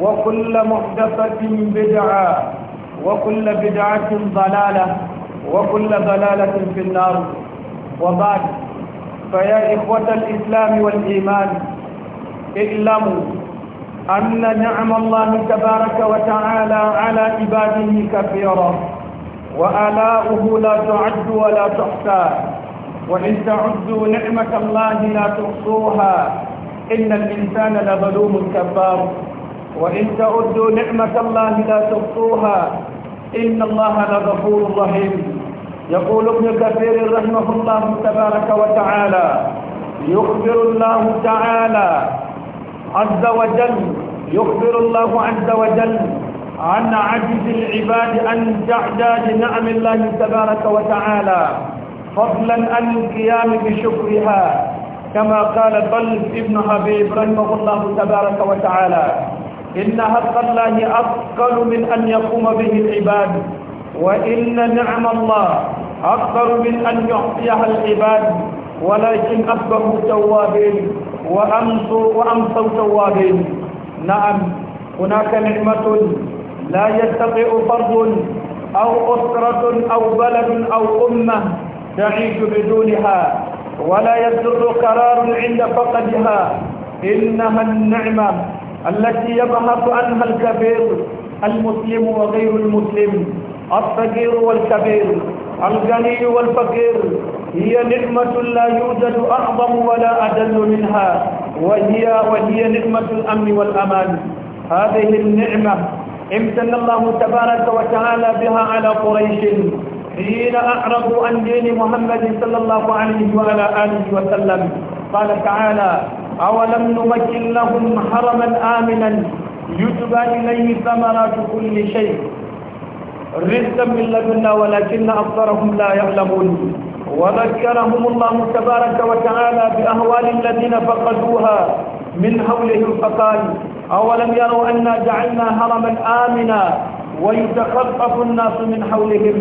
وكل محدثة بدعة وكل بدعة ضلالة وكل ضلالة في النار وبعد فيا إخوة الإسلام والإيمان اعلموا أن نعم الله تبارك وتعالى على عباده كثيرة وآلاؤه لا تعد ولا تحصى وإن تعدوا نعمة الله لا تحصوها إن الإنسان لظلوم كفار وإن تعدوا نعمة الله لا تبطوها إن الله لغفور رحيم يقول ابن كثير رحمه الله تبارك وتعالى يخبر الله تعالى عز وجل يخبر الله عز وجل عن عجز العباد عن تعداد نعم الله تبارك وتعالى فضلا عن القيام بشكرها كما قال بلف ابن حبيب رحمه الله تبارك وتعالى إن حق الله أثقل من أن يقوم به العباد وإن نعم الله أكثر من أن يعطيها العباد ولكن أصبحوا توابين وأمسوا توابين نعم هناك نعمة لا يستطيع فرد أو أسرة أو بلد أو أمة تعيش بدونها ولا يسر قرار عند فقدها إنها النعمة التي يبحث عنها الكبير المسلم وغير المسلم الصغير والكبير الغني والفقير هي نعمة لا يوجد أعظم ولا أدل منها وهي وهي نعمة الأمن والأمان هذه النعمة امتن الله تبارك وتعالى بها على قريش حين أعرضوا عن دين محمد صلى الله عليه وعلى آله وسلم قال تعالى أولم نمكن لهم حرما آمنا يتبى إليه ثمرات كل شيء رزقا من لدنا ولكن أكثرهم لا يعلمون وذكرهم الله تبارك وتعالى بأهوال الذين فقدوها من حولهم فقال أولم يروا أنا جعلنا حرما آمنا ويتخطف الناس من حولهم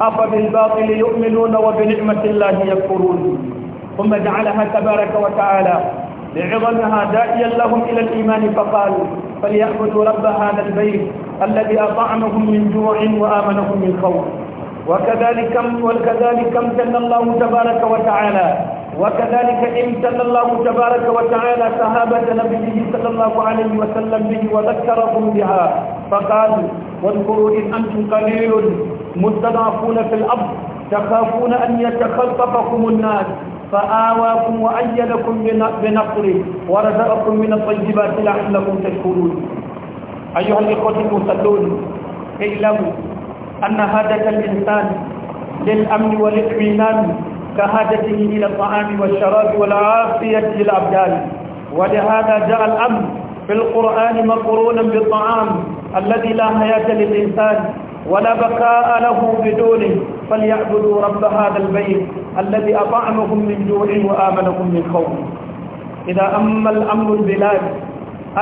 أفبالباطل يؤمنون وبنعمة الله يكفرون ثم جعلها تبارك وتعالى لعظمها داعيا لهم إلى الإيمان فقالوا فليعبدوا رب هذا البيت الذي أطعمهم من جوع وآمنهم من خوف وكذلك وكذلك امتن الله تبارك وتعالى وكذلك امتن الله تبارك وتعالى صحابة نبيه صلى الله عليه وسلم به وذكرهم بها فقال واذكروا إن أنتم قليل مستضعفون في الأرض تخافون أن يتخلطفكم الناس فآواكم وأيدكم بنصره ورزقكم من الطيبات لعلكم تشكرون أيها الإخوة المصلون اعلموا أن هادة الإنسان للأمن والإطمئنان كهادته إلى الطعام والشراب والعافية للأبدان ولهذا جاء الأمن في القرآن مقرونا بالطعام الذي لا حياة للإنسان ولا بقاء له بدونه فليعبدوا رب هذا البيت الذي أطعمهم من جوع وآمنهم من خوف إذا أما الأمر البلاد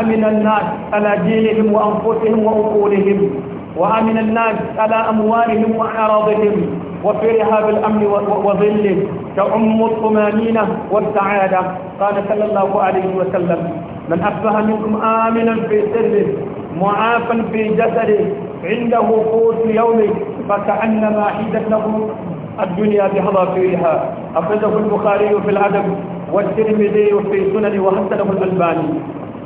أمن الناس على دينهم وأنفسهم وعقولهم وأمن الناس على أموالهم وأعراضهم وفي رهاب الأمن وظله تعم الطمانينة والسعادة قال صلى الله عليه وسلم من أصبح منكم آمنا في سره معافا في جسده عنده قوت يومه فكأنما حيدت له الدنيا بهضى فيها أخرجه البخاري في العدم والترمذي في سنن وحسنه الألباني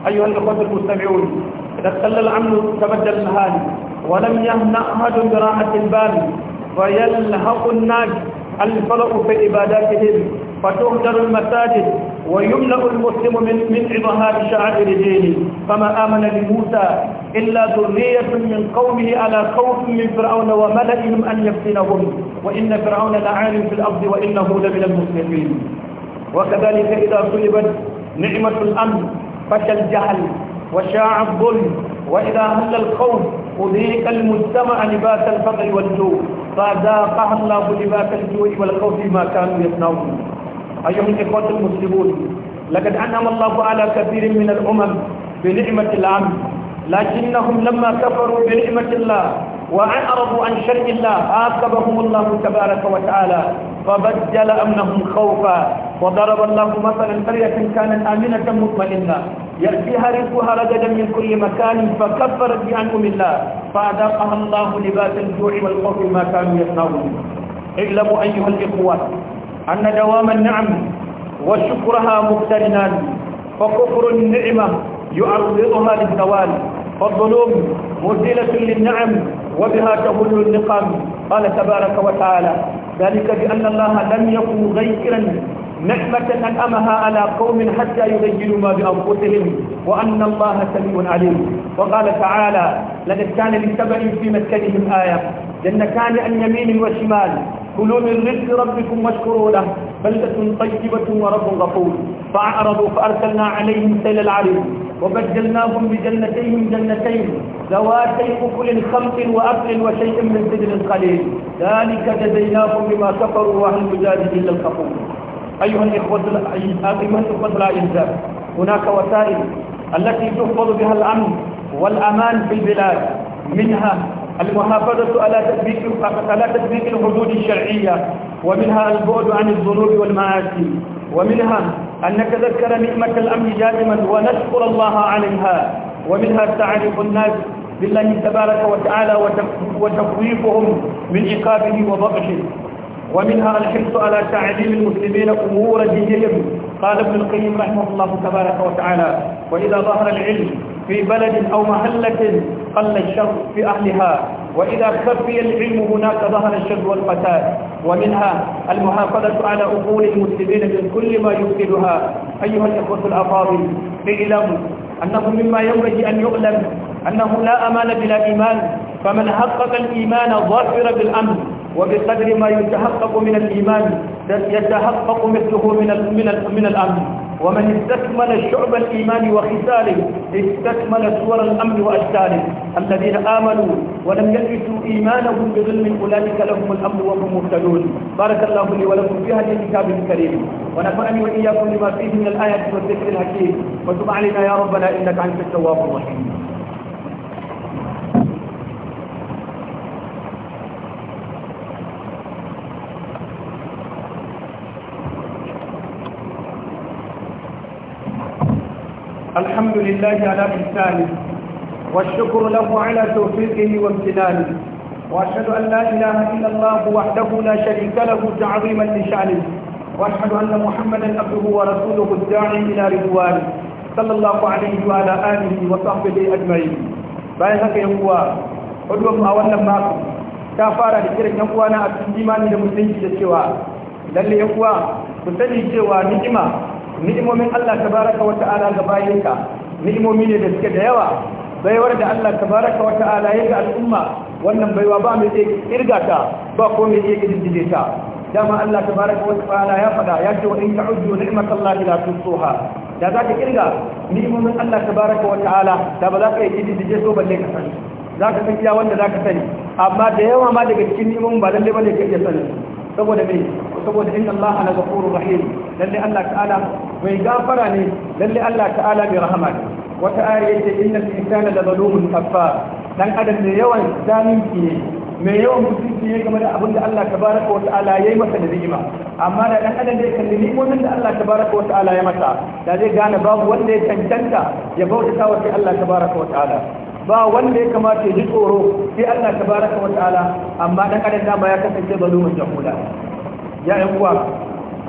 أيها الإخوة المستمعون إذا اختل الأمن تبدل الهان ولم يمنع أحد براحة البال ويلهق الناس الفرق في عباداتهم فتهدر المساجد ويملأ المسلم من من عظهار شعائر دينه فما آمن لموسى إلا ذرية من قومه على خوف من فرعون وملئهم أن يفتنهم وإن فرعون لعال في الأرض وإنه لمن المسلمين وكذلك إذا سلبت نعمة الأمن فشى الجهل وشاع الظلم وإذا هل الخوف أذيق المجتمع لباس الفقر والجوع فذاقها الله لباس الجوع والخوف ما كانوا يصنعون أيها الإخوة المسلمون لقد أنعم الله على كثير من الأمم بنعمة الأمن لكنهم لما كفروا بنعمة الله وأعرضوا عن شرع الله عاقبهم الله تبارك وتعالى فبدل أمنهم خوفا وضرب الله مثلا قرية كانت آمنة مطمئنة يأتيها رزقها رجدا من كل مكان فكفرت بأنعم الله فأذاقها الله لباس الجوع والخوف ما كانوا يصنعون اعلموا أيها الإخوة أن دوام النعم وشكرها مقترنان فكفر النعمة يعرضها للزوال فالظلوم مزيلة للنعم وبها تهل النقم قال تبارك وتعالى ذلك بأن الله لم يكن مغيرا نعمة أنأمها على قوم حتى يبينوا ما بأنفسهم وأن الله سميع عليم وقال تعالى لقد كان للسبع في مسكنهم آية جنتان عن يمين وشمال كلوا من رزق ربكم واشكروا له بلدة طيبة ورب غفور فأعرضوا فأرسلنا عليهم سيل العرب وبدلناهم بجنتيهم جنتين ذواتي أكل خمس وأكل وشيء من سجن قليل ذلك جزيناهم بما كفروا وهل مجاهد إلا الكفور أيها الإخوة أيها الإخوة الأعزاء هناك وسائل التي تحفظ بها الأمن والأمان في البلاد منها المحافظة على تثبيت على تثبيت الحدود الشرعية ومنها البعد عن الذنوب والمعاصي ومنها أن نتذكر نعمة الأمن دائما ونشكر الله عليها ومنها تعرف الناس بالله تبارك وتعالى وتخويفهم من عقابه وضبحه ومنها الحرص على تعليم المسلمين أمور دينهم قال ابن القيم رحمه الله تبارك وتعالى وإذا ظهر العلم في بلد أو محلة قل الشر في أهلها وإذا خفي العلم هناك ظهر الشر والفساد ومنها المحافظة على أقول المسلمين من كل ما يفسدها أيها الإخوة الأفاضل اعلموا أنه مما ينبغي أن يعلم أنه لا أمان بلا إيمان فمن حقق الإيمان ظافر بالأمن وبقدر ما يتحقق من الإيمان يتحقق مثله من من الأمن ومن استكمل شعب الإيمان وخساله استكمل صور الأمن وأشكاله الذين آمنوا ولم يلبسوا إيمانهم بظلم أولئك لهم الأمن وهم مهتدون بارك الله لي ولكم في هذه الكتاب الكريم ونفعني وإياكم لما فيه من الآيات والذكر الحكيم وتب علينا يا ربنا إنك أنت التواب الرحيم الحمد لله على إحسانه والشكر له على توفيقه وامتنانه وأشهد أن لا إله إلا الله وحده لا شريك له تعظيما لشأنه وأشهد أن محمدا عبده ورسوله الداعي إلى رضوانه صلى الله عليه وعلى آله وصحبه أجمعين bayan haka yan uwa hudu a wannan mako ta fara da kiran yan uwa na a cikin imani da musulunci da cewa lalle yan uwa ku sani cewa ni'ima ni'imomin Allah tabaraka wa ta'ala ga bayinka ni'imomi ne da suke da yawa baiwar da Allah tabaraka wa ta'ala ya ga al'umma wannan baiwa ba mai iya kirga ta ba ko mai iya kididdige ta dama Allah tabaraka wa ta'ala ya faɗa ya ce wa in ka ta'uddu Allah la tusuha da za ka kirga ni'imomin Allah tabaraka wa ta'ala da ba za ka yi kididdige so balle ka sani za ka san iya wanda za ka sani amma da yawa ma daga cikin ni'imomin ba lalle bane ka iya sani saboda me saboda inna Allah la ghafurur rahim lalle Allah ta'ala bai gafara ne lalle Allah ta'ala bai rahama ne wata ayar yace innal insana la zalumun kafar dan adam ne yawan zalunci ne mai yawan mutunci ne game da abin da Allah tabaraka wa ta'ala ya yi masa da ni'ima amma da dan adam da kalli ni'imomin da Allah tabaraka wa ta'ala ya masa da zai gane babu wanda ya cancanta ya bauta wa sai Allah wa ta'ala ba wanda ya kamata ya ji tsoro sai Allah tabaraka wa ta'ala amma dan adam da ya kasance zalumin jahula ya yan uwa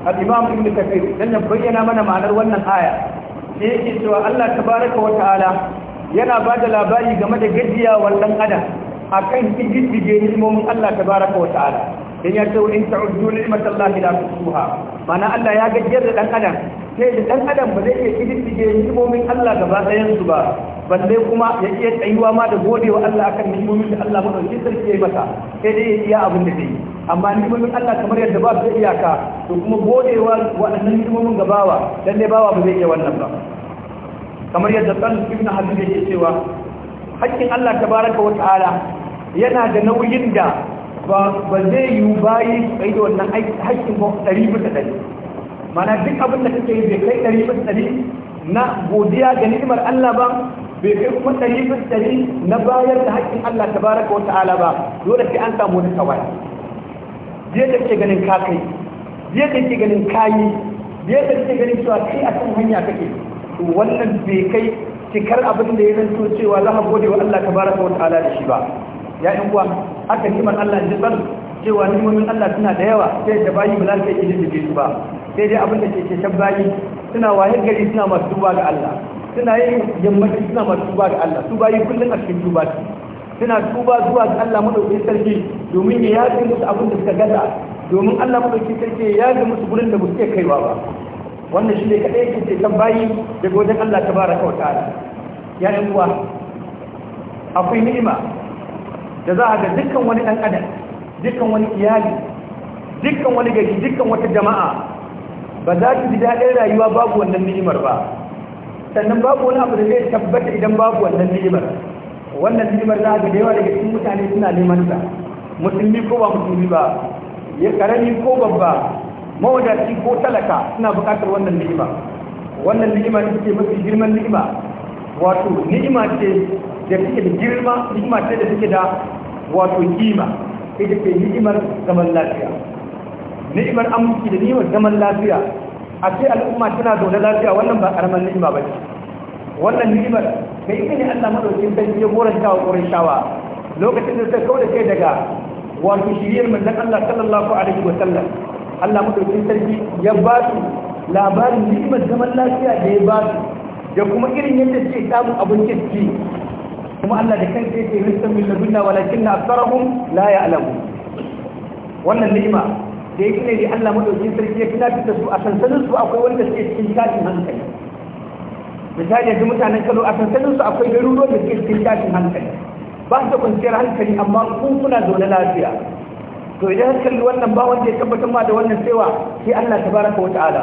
alimam imam ibn kathir dan ya bayyana mana ma'anar wannan aya sai yake cewa Allah ta baraka wa ta'ala yana ba da labari game da wa ɗan adam akan gidige nismomin Allah ta baraka wa ta'ala dan ya ce in ta'uddu ni'matallahi su tusuha mana Allah ya gajiyar da ɗan adam sai da ɗan adam ba zai iya gidige nismomin Allah gaba ɗayan su ba balle kuma ya iya tsayuwa ma da wa Allah akan nismomin da Allah ɗauki sarki ya yi masa sai dai ya iya abin da zai yi amma ni'imomin Allah kamar yadda ba su da iyaka to kuma godewa waɗannan ni'imomin ga bawa lalle bawa ba zai iya wannan ba kamar yadda san ibn habib yake cewa hakkin Allah tabaraka wa ta'ala yana da nauyin da ba zai yi bayi kai da wannan hakkin ba ɗari bisa ɗari mana duk abin da kake yi bai kai ɗari bisa ɗari na godiya ga ni'imar Allah ba bai kai kuma dari bisa ɗari na bayar da hakkin Allah tabaraka wa ta'ala ba dole sai an samu wani kawai yadda ke ganin ka kai yadda ke ganin kayi yadda ke ganin cewa kai a kan hanya kake to wannan bai kai cikar abin da ya zanto cewa za ka gode wa Allah tabaraka wa ta'ala da shi ba ya yan kuwa haka niman Allah ji tsar cewa nimomin Allah suna da yawa sai da bayi ba za ka yi jirgin su ba sai dai abin da ke ceton bayi suna wahar gari suna masu duba ga Allah suna yin yammaci suna masu duba ga Allah su bayi kullum a cikin duba su suna tuba zuwa ga Allah madaukakin sarki domin ya yafe musu abin da suka gaza domin Allah madaukakin sarki ya yafe musu gurin da ba kaiwa ba wannan shi ne kadai yake ceton bayi daga wajen Allah tabaraka wa ta'ala ya yi uwa akwai ni'ima da za a ga dukkan wani dan adam dukkan wani iyali dukkan wani gari dukkan wata jama'a ba za ki ji daɗin rayuwa babu wannan ni'imar ba sannan babu wani abu da zai tabbata idan babu wannan ni'imar wannan ni'imar za ga da yawa daga cikin mutane suna neman sa musulmi ko ba musulmi ba ya karami ko babba mawadaci ko talaka suna buƙatar wannan ni'ima wannan ni'ima ita ce mafi girman ni'ima wato ni'ima ce da suke da girma ni'ima ce da suke da wato kima ita ce ni'imar zaman lafiya ni'imar amurki da ni'imar zaman lafiya a ce al'umma tana zaune lafiya wannan ba karamar ni'ima ba ce wannan ni'imar da ita ne Allah madaukin sarki goron shawa-goron shawa? lokacin da suka kawo da kai daga wato shiriyar manzon Allah sallallahu alaihi wa sallam Allah madaukin sarki ya ba su labarin ni'imar zaman lafiya da ya ba su da kuma irin yadda suke samun abin kirki kuma Allah da kansa yake rizqan min ladunna walakinna aktharuhum la ya alamu? wannan ni'ima da yake ne Allah madaukin sarki ya tunatar da su a sansanin su akwai wanda suke cikin tashin hankali misali yanzu mutanen kano a sansanin su akwai garuruwan da suke cikin tashin hankali ba su kwanciyar hankali amma kun kuna zaune lafiya to idan har kalli wannan ba wanda ya tabbatar ma da wannan cewa sai Allah tabaraka wa ta'ala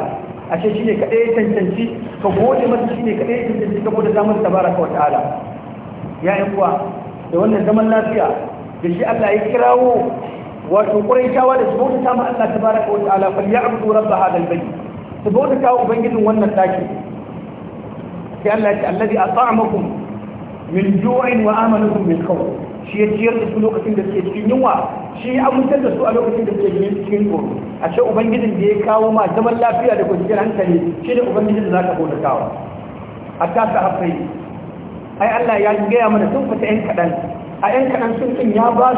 ashe shine kadai ya cancanci ka gode masa shine kadai ya cancanci ka gode zaman tabaraka wa ta'ala ya yi kuwa, da wannan zaman lafiya da shi Allah ya kirawo wato quraishawa da su bauta ma Allah tabaraka wa ta'ala fal ya'budu rabb hadha al-bayt su bauta ubangijin wannan daki sai Allah ya ce allazi at'amakum min ju'in wa amanakum min khawf shi ya ciyar da su lokacin da suke cikin yunwa shi ya amintar da su a lokacin da suke cikin tsoro a ce ubangijin da ya kawo ma zaman lafiya da kwanciyar hankali shi ne ubangijin da za ka bauta kawo a ta sa hafai ai Allah ya gaya mana sun fita yan kaɗan a yan kaɗan sun kin ya ba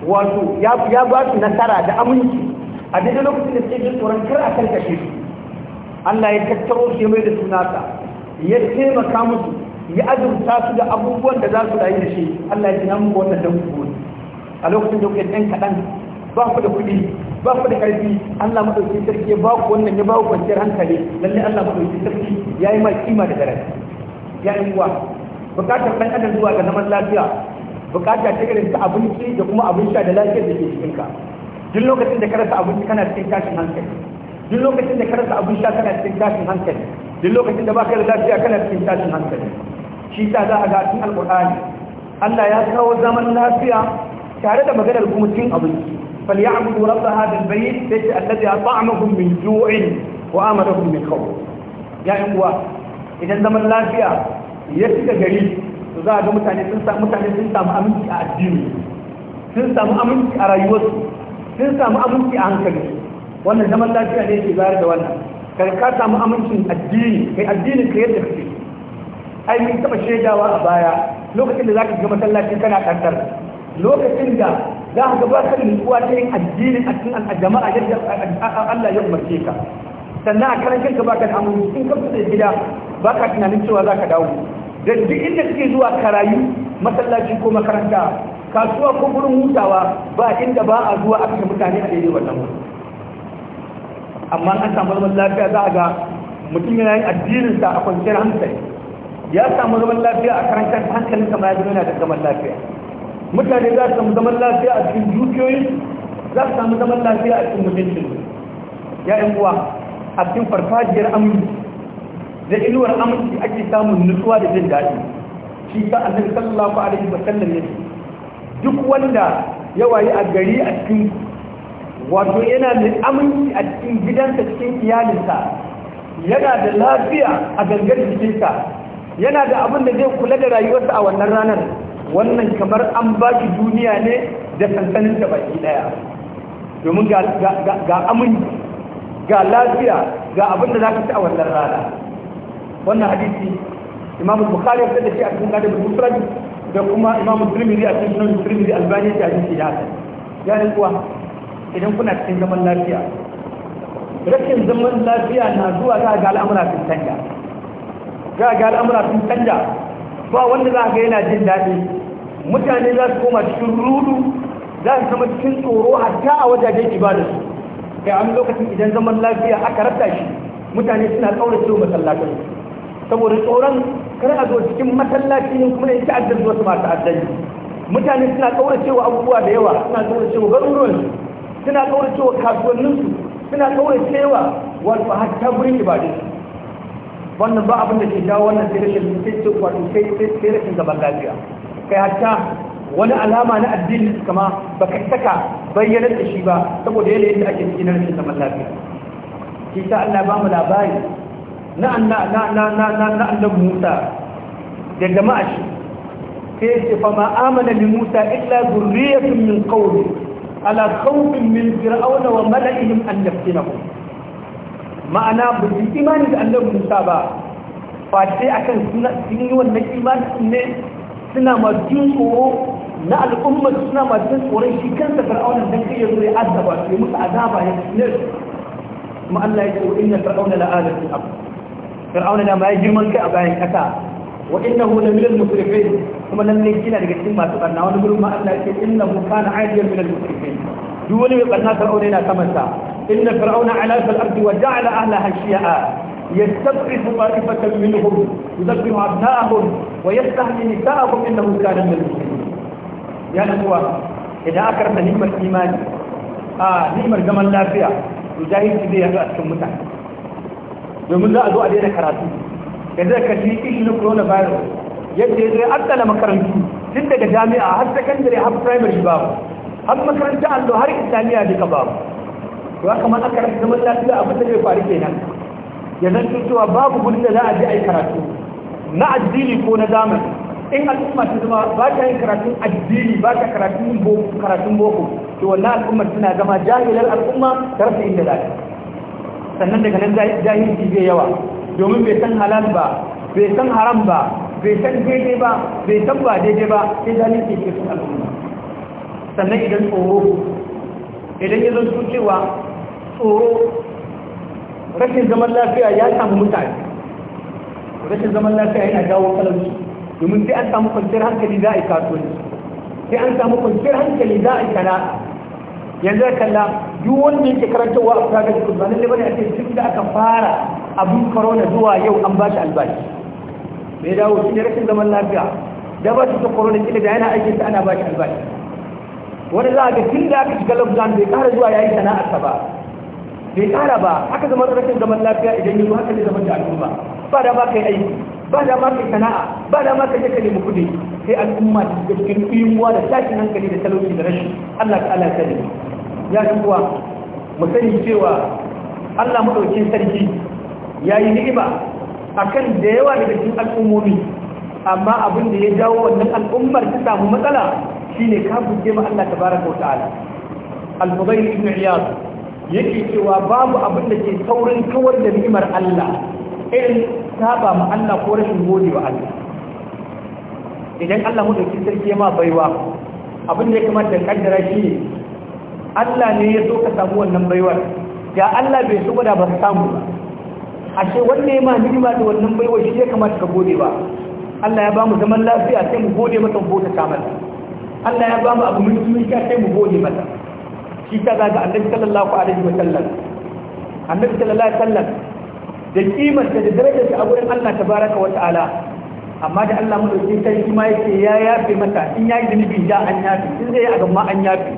su wato ya ba su nasara da aminci a daidai lokacin da suke jin tsoron kar a karkashe su Allah ya tattaro su ya mai da sunata ya taimaka musu ya azurta su da abubuwan da za su rayu da shi Allah ya ji nan wannan da ku a lokacin da kuke ɗan kaɗan ba ku da kuɗi ba ku da ƙarfi Allah madauki sarki ba ku wannan ya ba ku kwanciyar hankali lalle Allah madauki sarki ya yi ma kima da daraja ya yi wa bukatar ɗan adam zuwa ga zaman lafiya bukatar ta da ta abinci da kuma abin sha da lafiyar da ke cikin ka duk lokacin da ka rasa abinci kana cikin tashin hankali duk lokacin da ka rasa abin sha kana cikin tashin hankali duk lokacin da ba ka baka da lafiya kana cikin tashin hankali shi ta za a ga cikin alqur'ani Allah ya kawo zaman lafiya tare da maganar ya kuma cin abinci فليعبدوا رب هذا البيت الذي أطعمهم من جوع وآمنهم من خوف يا إخوة idan zaman lafiya فيها يسك جريد to za a ga mutane sun samu mutane sun samu aminci a addini sun samu aminci a rayuwarsu sun samu aminci a hankali wannan zaman lafiya ne ke bayar da wannan kai ka samu amincin addini kai addini ka yadda kake ai mun taba shaidawa a baya lokacin da zaka ga masallaci kana kantar lokacin da za ka ba da nutsuwa ta yin a cikin jama'a yadda Allah ya umarce ka sannan a karancin ka baka da in ka fita gida baka tunanin cewa zaka dawo da duk inda kake zuwa karayu masallaci ko makaranta kasuwa ko gurin hutawa ba inda ba a zuwa cikin mutane a daidai wannan wurin amma an samu zaman lafiya za a ga mutum yana yin addinin sa a kwanciyar hankali ya samu zaman lafiya a karantar hankalin kama ya zama yana da zaman lafiya mutane za su samu zaman lafiya a cikin dukiyoyi za su samu zaman lafiya a cikin mutuncin ya yan uwa a cikin farfajiyar aminci da inuwar aminci ake samun nutsuwa da jin daɗi shi ta annabi sallallahu alaihi wa sallam ne duk wanda ya a gari a cikin wato yana mai aminci a cikin gidansa cikin iyalinsa yana da lafiya a gangar jikinsa yana da abin da zai kula da rayuwarsa a wannan ranar wannan kamar an ba shi duniya ne da sansanin da baki daya domin ga aminci ga lafiya ga abin da za ka ci a wannan rana wannan hadisi imamu bukhari ya da shi a cikin gadon musulmi da kuma imamu turmiri a cikin turmiri albani ya hadisi ya ya kuwa idan kuna cikin zaman lafiya rashin zaman lafiya na zuwa za ga al'amura sun canja za ga al'amura sun canja ba wanda za a ga yana jin daɗi mutane za su koma cikin rudu za su zama cikin tsoro hatta a wajajen ibadarsu kai an lokacin idan zaman lafiya aka rasa shi mutane suna tsaurin cewa masallacin saboda tsoron kar a zo cikin masallaci ne kuma in ta'addar zuwa su masu addani mutane suna tsaurin cewa abubuwa da yawa suna tsaurin cewa garuruwansu suna kawai cewa kasuwanninsu suna kawai cewa wato hatta gurin ibadun wannan ba abin da ke jawo wannan sai rashin sai ce wato sai sai rashin zaman lafiya kai hatta wani alama na addini kama ma baka saka bayyanar da shi ba saboda yanayin da ake cikin rashin zaman lafiya shi ta Allah ba mu labari na annan Musa da jama'a shi sai ce fa ma amana li Musa illa zurriyatun min qawli ala khawfin min fir'auna wa mala'ihim an yaftinahum ma'ana ba su imani da annabi Musa ba face akan suna sun yi wannan imani ne suna masu tsoro na al'ummar suna masu tsoron shi kansa fir'auna dan kai ya yazo ya azaba su musu azaba ya ne kuma Allah ya ce inna fir'auna la'alatin ab fir'auna da ma ya girman kai a bayan kasa wa innahu la min al-musrifin kuma lalle kina daga cikin masu barna wani gurin ma Allah yake innahu kana ajiyan min al-musrifin duk wani mai barna fir'auna yana saman sa inna fir'auna ala fil ardi wa ja'ala ahlaha shi'a يستبرئ طائفة منهم يذبح أبناءهم ويستهزئ نساءهم إنه كان من المسلمين يا أخوة إذا أكرت نعمة الإيمان آه نعمة جمال لافية يجاهد في ذي أكرت يوم الله أدوء علينا كراتين da zai kashi ishi na coronavirus yadda ya zai addala makarantu tun daga jami'a har secondary har primary babu har makaranta allo har islamiyya duka babu to haka man aka rasa zaman lafiya abin da zai faru kenan ya zan cewa babu gudun da za a je a yi karatu na addini ko na zamani in al'umma ta zama ba ta yin karatun addini ba ta karatun boko to wannan al'umma tana zama jahilar al'umma ta rasa inda za ta sannan daga nan jahilci zai yawa domin bai san halal ba bai san haram ba bai san daidai ba bai san ba daidai ba sai zalunci ke ke sun al'umma sannan idan tsoro idan ya su cewa tsoro rashin zaman lafiya ya samu mutane rashin zaman lafiya yana jawo kalansu domin sai an samu kwanciyar hankali za a yi kasuwanci sai an samu kwanciyar hankali za a yi sana'a yanzu ya kalla duk wanda yake karantarwa a fara da ba ne bane a ce cikin da aka fara abin corona zuwa yau an ba shi albashi bai dawo shi da rashin zaman lafiya da ba shi ta corona kila da yana aikin ta ana ba shi albashi wani za a ga tun da aka shiga lockdown bai kara zuwa yayi sana'arsa ba bai kara ba aka zama rashin zaman lafiya idan yi haka ne zaman da al'umma ba da ba kai aiki ba da ma kai sana'a ba da ma kai ka nemi kuɗi sai al'umma ta shiga cikin kuyuwa da tashin hankali da talauci da rashin Allah ta'ala ya sani ya shi kuwa mu sani cewa Allah madaukin sarki ya yi ni'ima a kan da yawa daga cikin al'ummomi amma abin da ya jawo wannan al'ummar ta samu matsala shi ne kafin jema ma ta tabaraka wa ta'ala al-fudayl ibn iyad yake cewa babu abin da ke saurin kawar da ni'imar Allah irin saba ma Allah ko rashin gode wa Allah idan Allah madauki sarki ma baiwa abin da ya kamata da kaddara shi Allah ne ya so ka samu wannan baiwar ya Allah bai so da ba samu ba ashe wanda ya ma ni'ima da wannan baiwa shi ya kamata ka gode ba Allah ya ba mu zaman lafiya sai mu gode masa mu ta mata Allah ya ba mu abu mutum ya sai mu gode masa shi ta ga ga Annabi sallallahu alaihi wa sallam Annabi sallallahu alaihi wa sallam da kimar da darajar da aburin Allah tabaraka wa ta'ala amma da Allah mu dauke kai kuma yake ya yafe mata in yayi zunubi da an yafe in zai yi a ma an yafe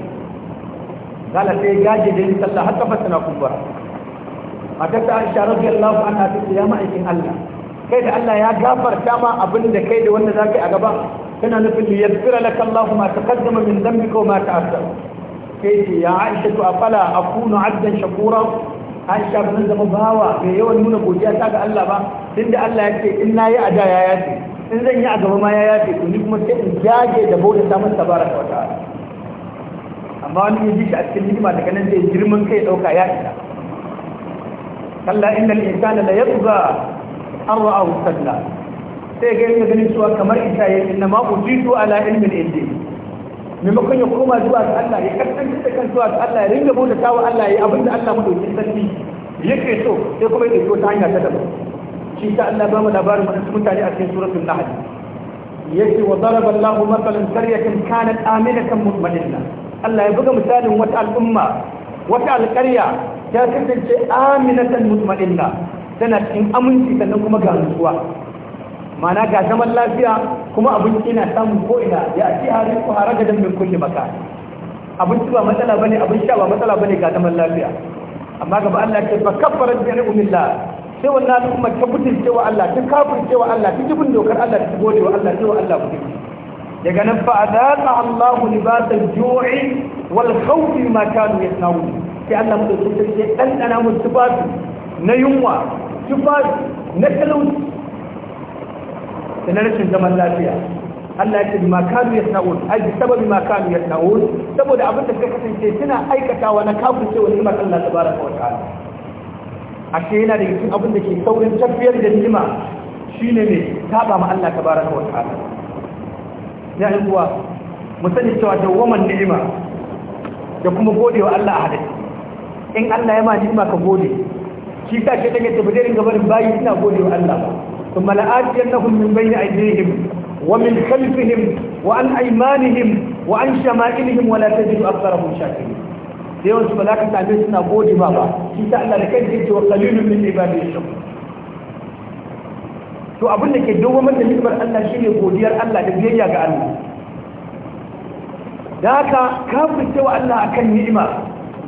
قال سيجاجد لله حتى فتنا كبرى matar ta aisha radiyallahu anha ta ce ya ma'aikin Allah kai da Allah ya gafarta ma abin da kai da wanda zaka yi a gaba kana nufin li yaghfira laka Allahu ma taqaddama min dhanbika wa ma ta'akhkhara kai ce ya aisha to afala akunu abdan shakura aisha ban zama bawa mai yawan nuna godiya ta ga Allah ba da Allah ya ce in nayi a da ya yace in zan yi a gaba ma ya yace to ni kuma sai in jage da bauta ta tabaraka wa ta'ala amma wani ya ji shi a cikin hikima daga nan sai girman kai dauka ya isa kalla inda insana da yabba an ra'ahu salla sai ga yadda ganin cewa kamar isa ya inna ma ujitu ala ilmin indi maimakon ya koma zuwa ga Allah ya kasance da kan zuwa ga Allah ya ringa bauta tawa Allah ya abin da Allah madaukin sarki yake so sai kuma ya dauki ta hanya ta daban shi ta Allah ba mu labarin mutane a cikin suratul nahl yace wa daraba Allahu masalan qaryatan kanat aminatan mutma'inna Allah ya buga misalin wata al'umma wata alƙarya ta kasance aminatan mutmainna tana cikin aminci sannan kuma ga nutsuwa mana ga zaman lafiya kuma abinci na samun ko ina ya ci hari ko haraga dan min kulli maka abinci ba matsala bane abin sha ba matsala bane ga zaman lafiya amma gaba Allah ce fa kaffarat bi ni'millah sai wannan al'umma ta butulce wa Allah ta kafirce wa Allah ta jibin dokar Allah ta gode wa Allah ta wa Allah butulci daga nan fa adaqa Allahu libasal ju'i wal khawfi ma kanu yasnaun sai Allah mu dauki sarki dan ɗanɗana mu tufafi na yunwa tufafi na talauci da na rashin zaman lafiya Allah ya ce bima kanu yasnaun ai sababi ma kanu yasnaun saboda abin da suka kasance suna aikatawa na cewa ni'imar Allah tabaraka wa ta'ala ashe yana da cikin abin da ke saurin tafiyar da ni'ima shine ne saba ma Allah tabaraka wa ta'ala ya yi kuwa mu sani cewa dawwaman ni'ima da kuma godewa Allah a hadisi in Allah ya ma ni'ima ka gode shi sa ce take tafi da ringa barin bayi ina gode wa Allah To min bayni aydihim wa min khalfihim wa an aymanihim wa an shama'ilihim wa la tajidu شاكرين da sai ba za ka ce suna gode ma ba shi ta Allah da kai ke cewa kalilun min ibadihi shukr to abin da ke dogon mata nikmar Allah shi ne godiyar Allah da biyayya ga Allah da haka kafin cewa Allah akan ni'ima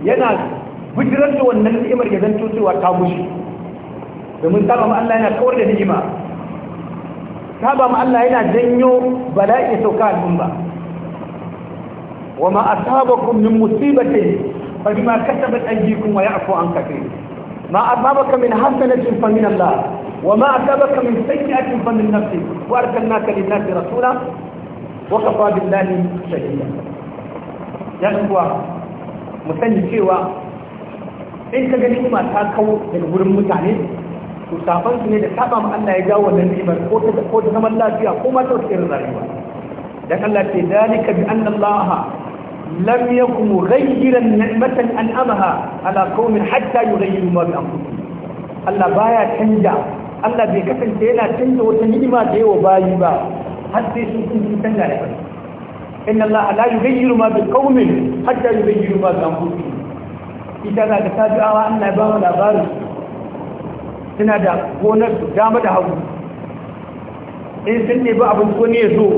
yana bujirar da wannan ni'imar ya zanto cewa ta gushi domin saba ma Allah yana kawar da ni'ima saba ma Allah yana janyo bala'i ya sauka al'umma wa ma asabakum min musibatin fa bima kasabat aydikum wa ya'fu an kathir ما أصابك من حسنة فمن الله وما أصابك من سيئة فمن نفسك وأرسلناك للناس رسولا وكفى بالله شهيدا يا إخوة mu sani cewa in ka ga ni'ima ta kawo daga wurin mutane to safan su ne da saba ma Allah ya jawo wannan ni'imar ko ta ko ta zaman lafiya ko ma ta wata irin rayuwa dan Allah ce dalika bi anna Allah lam yakun mughayyiran ni'matan an'amaha ala qaumin hatta yughayyiru ma bi anfusihim Allah baya canja Allah bai kasance yana canja wata ni'ima da yawa bayi ba har sai sun sun canja da kai inna Allah la yughayyiru ma bi qaumin hatta yughayyiru ma bi anfusihim ita za ka tabi'awa awa an ba labarin suna da gonar dama da hagu in sun ne ba abin ko ne ya zo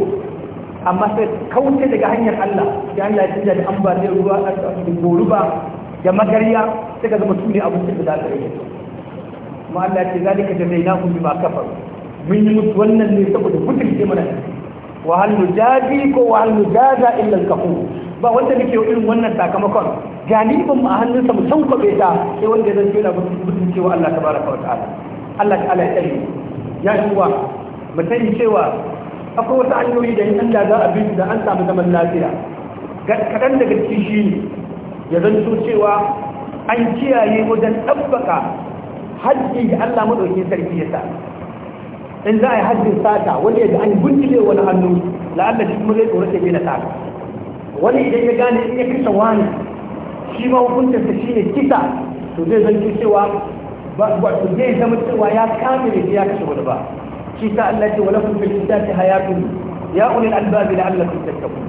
amma sai kauce daga hanyar Allah da Allah ya an da zai ruwa a cikin ba da magarya suka zama su ne abincin da za ka rage kuma Allah ya ce na kuma ba kafar. mun yi mutu wannan ne saboda mutunce mana wa hal nujazi ko wa hal nujaza illa al ba wanda nake irin wannan sakamakon galibin mu a hannunsa mu san kwabe ta sai wanda zan na mutum cewa Allah tabaraka wa ta'ala Allah ta'ala ya ɗari. ya yi uwa mu sani cewa akwai wata hanyoyi da yin da za a bi da an samu zaman lafiya kaɗan daga cikin shi ne ya zanto cewa an kiyaye wajen ɗabbaka hajji da Allah maɗauki sarki ya sa in za a yi hajjin sata wanda ya an gunjile wani hannu la'alla cikin kuma zai ta sai na sata wani idan ya gane in ya kisa wani shi ma hukuntarsa shi ne kisa to zai zanci cewa wato zai zama cewa ya kamile shi ya kashe wani ba shi ta Allah ce wala kun fil ta hayatun ya ulil albabi la'allakum tattaqun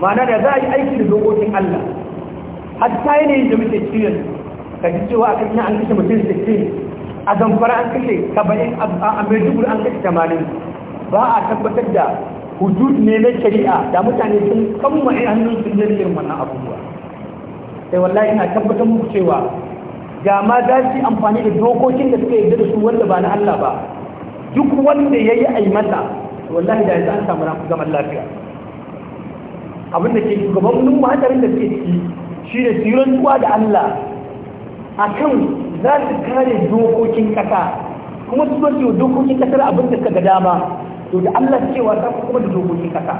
ma'ana da za a yi aiki da dokokin Allah hatta yanayin da muke cikin ka ji cewa a kashe an kashe mutum 60 a zamfara an kashe 70 a dubu an kashe tamanin ba a tabbatar da hujud ne na shari'a da mutane sun kammai hannun su da irin wannan abubuwa sai eh, wallahi ina tabbatar muku cewa da ma za su amfani da dokokin da suka yarda da su wanda ba na Allah ba duk wanda ya yi aimata wallahi da yanzu an samu zaman lafiya abin da ke shugabannin mahadarin da suke ciki shi da tsiron zuwa da Allah a kan za su kare dokokin ƙasa kuma su dokokin ƙasar abin da suka ga dama to da Allah cewa ta kuma da dokokin kasa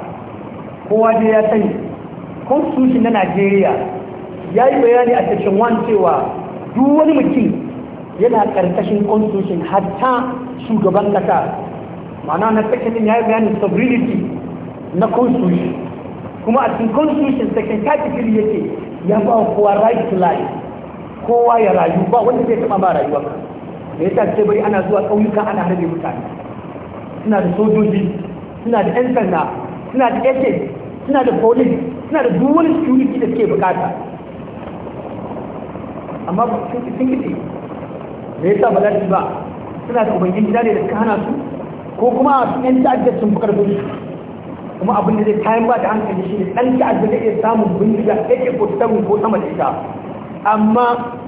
kowa dai ya sani constitution na Najeriya ya yi bayani a section 1 cewa duk wani mutum yana karkashin constitution hatta shugaban kasa ma'ana na section ya yi bayanin sovereignty na constitution kuma a cikin constitution section 33 yake ya ba kowa right to life kowa ya rayu ba wanda zai taba ba rayuwa me yasa sai bari ana zuwa kauyuka ana harbe mutane suna da sojoji suna da yan sanda suna da ake suna da police suna da duwani security da suke bukata amma sun kiti da ya sa ba za ba suna da ubangin gida ne da suka hana su ko kuma a su yan ta'addar sun fi karfi kuma abin da zai kayan ba da hankali shi ne ɗan ta'addar da iya samun bindiga ɗaya ko sabon ko sama da ita amma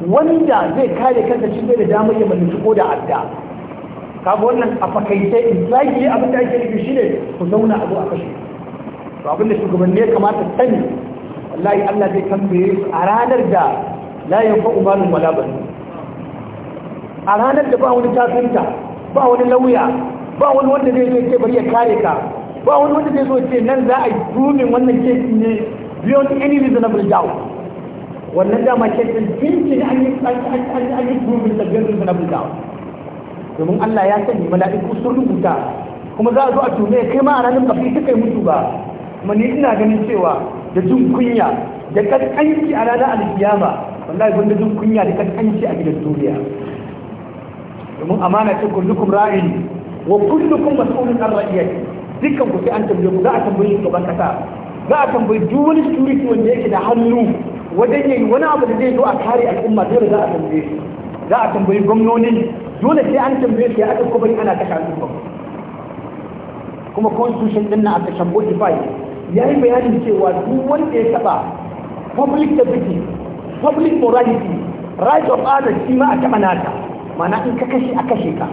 wanda zai kare kansa shi zai da damar ya mallaki ko da adda kabo wannan a fakaice zaki abin da ake nufi shine ku zauna abu a kashe to abin da shugabanni ya kamata sani wallahi Allah zai tambaye su a ranar da la yanfa malun wala ban a ranar da ba wani tafinta ba wani lauya ba wani wanda zai zo ce bari ya kare ka ba wani wanda zai zo ce nan za a yi rumin wannan kesi ne beyond any reasonable doubt wannan dama kesin tintin an yi rumin da beyond reasonable doubt domin Allah ya sani mala'iku sun rubuta kuma za a zo a tume kai ma a ranar ba kai kai mutu ba kuma ni ina ganin cewa da jin kunya da kaskanci a ranar alkiyama wallahi gwanda jin kunya da kaskanci a gidan duniya domin amana ce kullukum ra'in wa kullukum mas'ulun an ra'iyati dukkan ku sai an tambaye ku za a tambaye shugaban kasa za a tambayi duk wani security wanda yake da hannu wajen yayi wani abu da zai zo a kare al'umma dole za a tambaye shi za a tambayi gwamnoni dole sai an tambaye su ya aka kuma ana shafi ba kuma constitution din na a section 45 ya yi bayanin cewa duk wanda ya taba public deputy public morality right of others shi ma a taba nata mana in ka kashe a kashe ka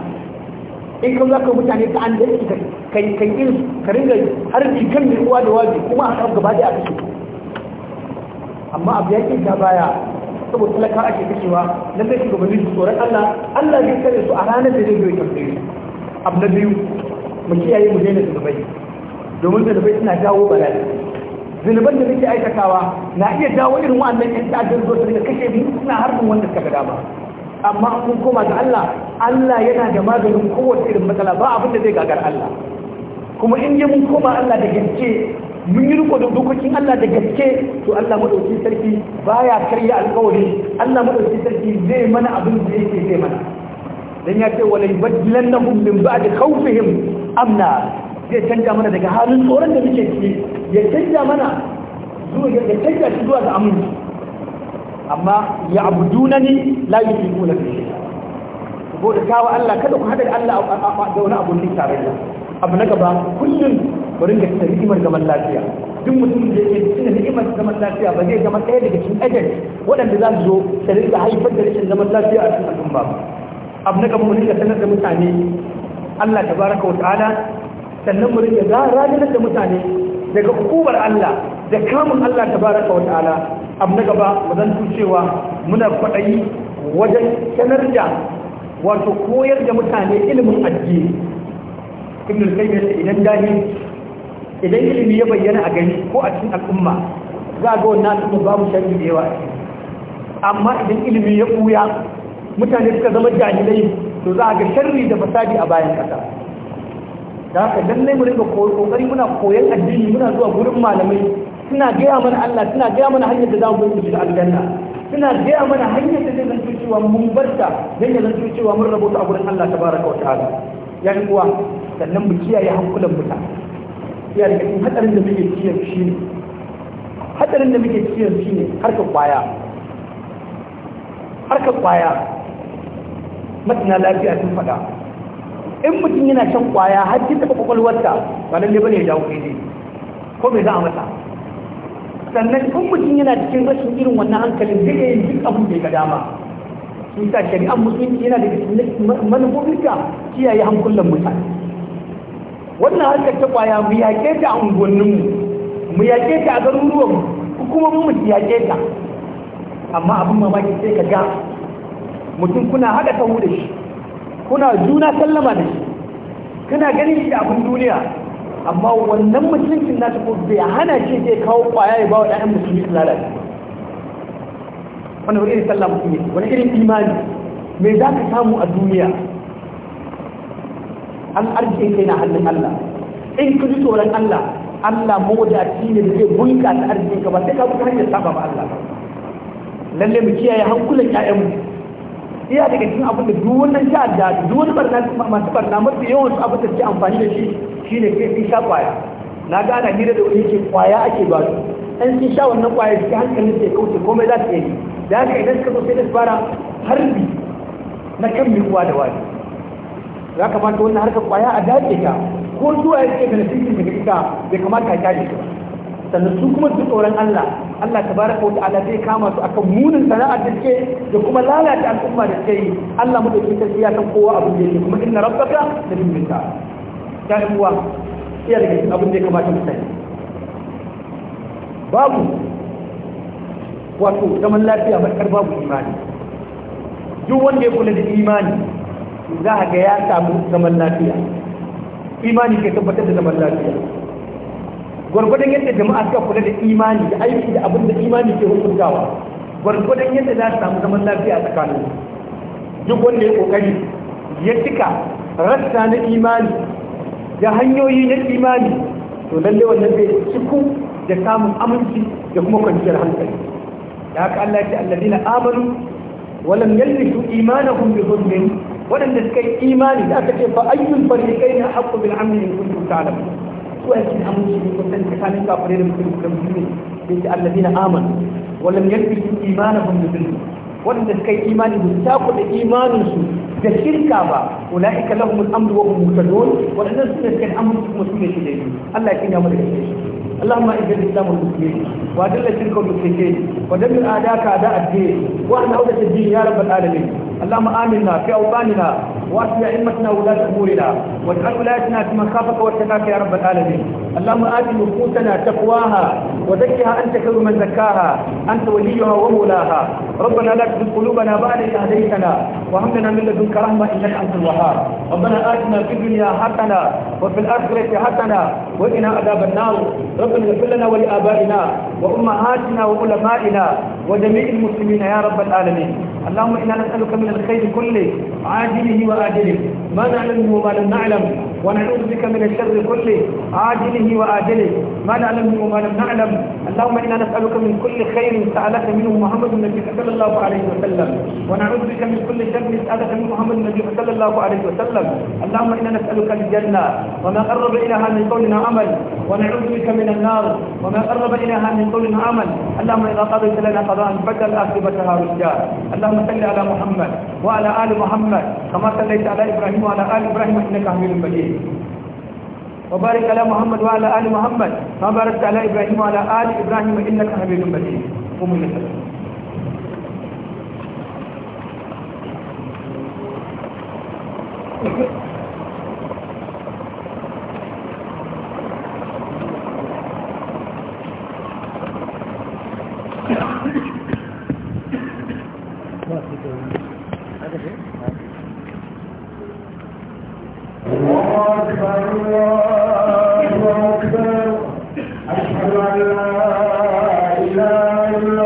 in ka za mutane ta an da ka kai kai in ka ringa har kan mai uwa da waje kuma a kan gaba da aka kashe amma abu ya ke ta baya saboda talaka ake kashewa nan zai bari su tsoron Allah Allah zai kare su a ranar da zai zo tafiye abu na biyu mu kiyaye mu daina zunubai domin zunubai suna jawo bala'i zunuban da muke aikatawa na iya jawo irin wa'annan yan ta'addar zo su daga kashe biyu. suna harbin wanda suka ga dama amma an kun koma ga Allah Allah yana da maganin kowace irin matsala ba abin da zai gagar Allah kuma in yi mun koma Allah da gince mun yi riko da dokokin Allah da gaske to Allah madauki sarki baya karya alƙawari Allah madauki sarki zai mana abin da yake zai mana dan ya ce wala badlannahum min ba'di khawfihim amna zai canja mana daga halin tsoron da muke ciki ya canja mana zuwa ya canja shi zuwa ga aminci amma ya abudunani la yuqimuna fi shay'a saboda kawo Allah kada ku hada Allah da wani abun ne tare da abu na gaba kullum mu ga cika ni'imar zaman lafiya duk mutum da yake cika ni'imar zaman lafiya ba zai zama ɗaya daga cikin ajal waɗanda za su zo su da haifar da rashin zaman lafiya a cikin al'umma ba abu na gaba mu ringa sanar da mutane Allah tabaraka wa ta'ala sannan mu ringa ranar da mutane daga hukumar Allah da kamun Allah tabaraka wa ta'ala abu na gaba mu zan cewa muna kwaɗayi wajen sanar da wato koyar da mutane ilimin addini ibn al-qayyim idan dahil idan ilimi ya bayyana a gani ko a cikin al'umma za a ga wannan al'umma babu sharri da yawa amma idan ilimi ya ɓuya, mutane suka zama jahilai to za a ga sharri da fasadi a bayan kasa da haka lallai mu rinka kokari muna koyan addini muna zuwa gurin malamai suna gaya mana Allah suna gaya mana hanyar da za mu bi da aljanna suna gaya mana hanyar da zai zanto cewa mun barta dan ya zanto cewa mun rabota a gurin Allah tabaraka wa ta'ala yan uwa sannan mu kiyaye hankulan mutane ya da cikin hatsarin da muke ciyar shi ne hatsarin da muke cikin shi ne harkar kwaya harkar kwaya matina lafiya sun faɗa in mutum yana shan kwaya har ki taɓa kwakwalwarsa ba lalle bane ya dawo ne ko bai za a masa sannan in mutum yana cikin rashin irin wannan hankalin zai iya yin duk abin da ya ga dama sun sa shari'ar musulunci yana da cikin manufofinka kiyaye hankulan mutane wannan harkar ta kwaya mu yaƙe ta a unguwanninmu mu yaƙe ta a garuruwanmu kuma mu yaƙe ta amma abin mamaki sai ka ga mutum kuna haɗa kawo da shi kuna juna sallama da shi kana ganin shi abin duniya amma wannan mutuncin nasu ko bai hana shi zai kawo kwaya ya ba wa ɗayan musulmi lalata wani irin sallama mutum ne wani irin imani me za ka samu a duniya an arziki kai na hannun Allah in ka ji tsoron Allah Allah mawadaci ne da zai bunka ta arziki ka ba sai ka buka hanyar saba ba Allah lalle mu kiyaye hankulan ƴaƴanmu iya daga cikin abin da duk wannan sha da duk wani barna masu barna mafi yawan su abin da ke amfani da shi shine kai sun sha kwaya na gana hira da wani yake kwaya ake ba su an sun sha wannan kwaya cikin hankalin sai kauce komai za su yi da haka idan suka zo sai da fara harbi na kan mikuwa da wani ya kamata wannan harkar kwaya a dace ta ko zuwa ya ce benefitin daga ita bai kamata a kyale ta ba sannan su kuma duk tsoron Allah Allah bara ko ta'ala zai kama su akan munin sana'ar da ke da kuma lalata al'umma da suke yi Allah mu dauki ta siya kan kowa abin da yake kuma inna rabbaka la bil ta ya iya da cikin abin da ya kamata mu sani babu wato zaman lafiya ba babu imani duk wanda ya kula da imani za a ga ya samu zaman lafiya imani ke tabbatar da zaman lafiya gwargwadon yadda jama'a suka kula da imani da aiki da abin da imani ke hukuntawa gwargwadon yadda za su samu zaman lafiya tsakanin duk wanda ya kokari ya cika rassa na imani da hanyoyi na imani to lalle wannan zai ciku da samun aminci da kuma kwanciyar hankali da haka Allah ya ce alladina amanu walam yalbisu imanahum bi zulmin wadanda suka yi imani da aka ce fa ayyul fariqain haqqu bil amri in kuntum ta'lamun su a cikin aminci ne kun san tsakanin kafirai da mutum da mutum da da ta kuɗa imanin su da shirka ba ulaika lahumul amru wa hum muhtadun wadannan su ne suka yi aminci kuma shi da Allah ya kiyaye mu shi اللهم اجعل الاسلام والمسلمين واذل الشرك والمشركين ودمر اعداءك اعداء الدين واحنا عودة الدين يا رب العالمين اللهم آمنا في أوطاننا وأصلح أئمتنا وولاة أمورنا واجعل ولايتنا في من خافك واتقاك يا رب العالمين اللهم آت نفوسنا تقواها وزكها أنت خير من زكاها أنت وليها ومولاها ربنا لا تزغ قلوبنا بعد إذ هديتنا وهب لنا من لدنك رحمة إنك أنت الوهاب ربنا آتنا في الدنيا حسنة وفي الآخرة حسنة وقنا عذاب النار ربنا اغفر لنا ولآبائنا وأمهاتنا وعلمائنا وجميع المسلمين يا رب العالمين اللهم إنا نسألك من الخير كله عاجله وآجله ما نعلمه وما لم نعلم ونعوذ بك من الشر كله عاجله وآجله ما نعلمه وما لم نعلم اللهم إنا نسألك من كل خير سألك منه محمد النبي صلى الله عليه وسلم ونعوذ بك من كل شر سألك منه محمد النبي صلى الله عليه وسلم اللهم إنا نسألك الجنة وما قرب إليها من قول عمل ونعوذ بك من النار وما قرب إليها من قول عمل اللهم إذا قضيت لنا قضاء بدل آخرتها رشدا اللهم صل على محمد وعلى آل محمد كما صليت على إبراهيم وعلى آل إبراهيم إنك حميد مجيد وبارك على محمد وعلى آل محمد كما باركت على إبراهيم وعلى آل إبراهيم إنك حميد مجيد قم لله Thank you.